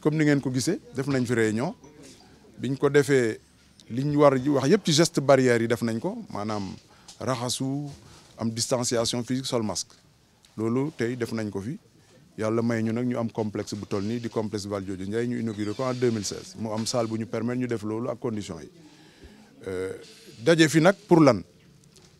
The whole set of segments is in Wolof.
comme ni ngeen ko nous avons fait une réunion Nous avons fait liñ war wax yëpp ci geste barrière yi def nañ ko am distanciation physique sol masque Nous avons fait nañ ko fi yàlla may ñu nag ñu am complexe bu toll nii di complexe Valdiodio Ndiaye ñu inauguré en 2016 mu am salle bu ñu permettre ñu def loolu ak condition yi fait euh, fi nag pour lan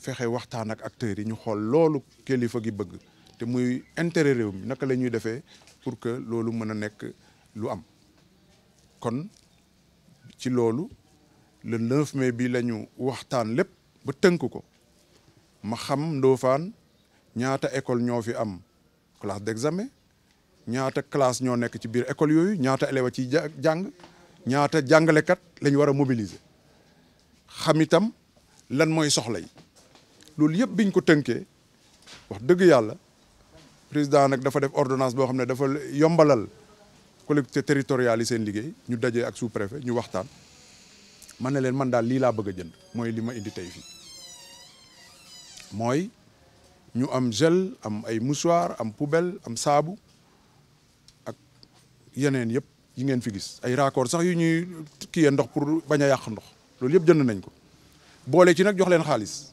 fexe waxtaan ak acteurs yi ñu xool loolu kilifa gi bëgg te muy intérêt réew mi naka lañuy defee pour que loolu mën a nekk lu am kon ci loolu le 9 mai bi la ñu waxtaan lépp ba tënk ko ma xam ndoofaan ñaata école ñoo fi am classe d'examen ñaata classe ñoo nekk ci biir école yooyu ñaata élèves ci jàng ñaata jàngalekat la ñu war a mobiliser xam itam lan mooy soxlay loolu yëpp biñ ko tënkee wax dëgg yàlla président nag dafa def ordonnance boo xam ne dafa yombalal collectivités territoriales yi seen liggéey ñu dajee ak sous-préfet ñu waxtaan man ne leen man daal lii laa bëgg a jënd mooy li ma indi tey fii mooy ñu am gel am ay mouchoir am poubelle am saabu ak yeneen yëpp yi ngeen fi gis ay raccord sax yu ñuy kiyee ndox pour bañ a yàq ndox loolu yëpp jënd nañ ko boole ci nag jox leen xaalis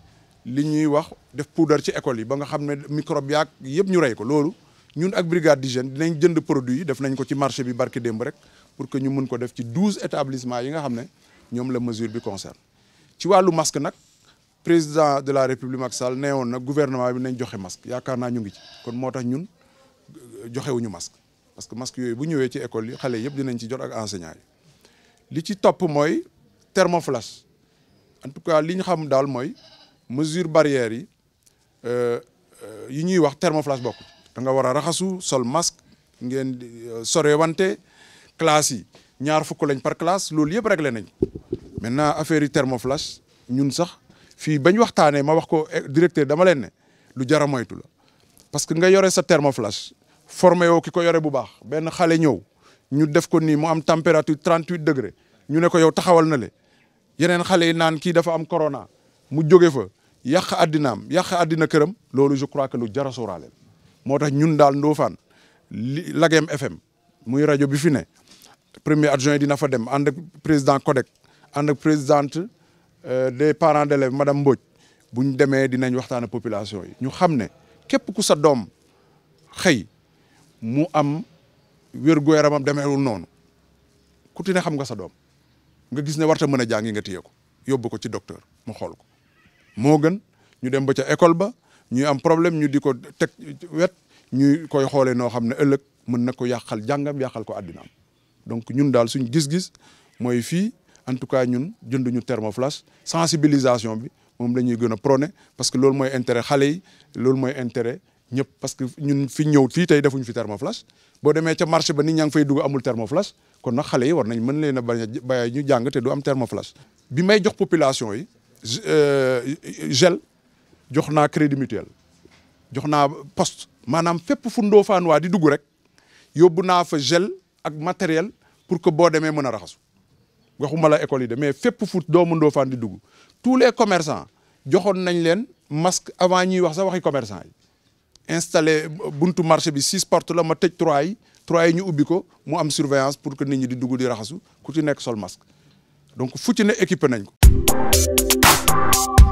li ñuy wax def poudre ci école yi ba nga xam ne microbe yaak yëpp ñu rey ko loolu ñun ak brigade d'hygiène dinañ jënd produit yi def nañ ko ci marché bi barki demb rek pour que ñu mun ko def ci douze établissements yi nga xam ne ñoom la mesure bi concerne ci wàllu masque nag président de la république Macky Sall nee woon nag gouvernement bi nañ joxe masque yaakaar naa ñu ngi ci kon moo tax ñun joxe euh, joxewuñu masque parce que masque yooyu bu ñëwee ci école yi xale yëpp dinañ ci jot ak enseignant yi li ci topp mooy thermoflash en tout cas li ñu xam daal mooy mesure barrière yi euh, euh, yi ñuy wax thermoflash bokk da nga war a raxasu sol masque ngeen euh, sore wante classe yi ñaar fukk lañ par classe loolu yëpp réglé nañ maintenant affaire yi thermoflash ñun sax fii bañ waxtaanee ma wax ko eh, directeur dama leen ne lu jar a la parce que nga yore sa thermoflash formé yoo ki ko yore bu baax benn xale ñëw ñu def ko nii mu am température 38 degré ñu ne ko yow taxawal na le yeneen xale yi naan kii dafa am corona mu jóge fa yàq addinaam yàq addina këram loolu je crois que lu jar a moo tax ñun daal ndoofaan li Lagem FM muy rajo bi fi ne premier adjoint dina fa dem ànd président CODEC ànd ak présidente euh, des parents d'élèves madame Mbodj bu ñu demee dinañ waxtaan ak population yi. ñu xam ne képp ku sa doom xëy mu am wérgu yaramam demeewul noonu ku ti ne xam nga sa doom nga gis ne warta mën a jàngi nga téye ko yóbbu ko ci docteur mu xool ko. nous nous ñu dem ba école nous avons am problème nous avons ko problème nous avons koy xoolee nous avons na ko nous donc nous avons suñ gis-gis en tout cas ñun nous thermoflash sensibilisation bi la sensibilisation, parce que avons un intérêt nous avons un intérêt parce que nous fi ñëw fii tey defuñu fi thermoflash bo marché ba nit fay amul thermoflash kon yi war nañ ñu te du am thermoflash bi may jox population euh, gel joxna crédit mutuel joxna poste di rek fa gel ak matériel pour que bo demee mën a raxasu waxuma la de mais fépp do fan di tous les commerçants ont nañ masque avant ñi wax sa waxi commerçant installé buntu six portes la surveillance pour que nit ñi di di ku donc Bye.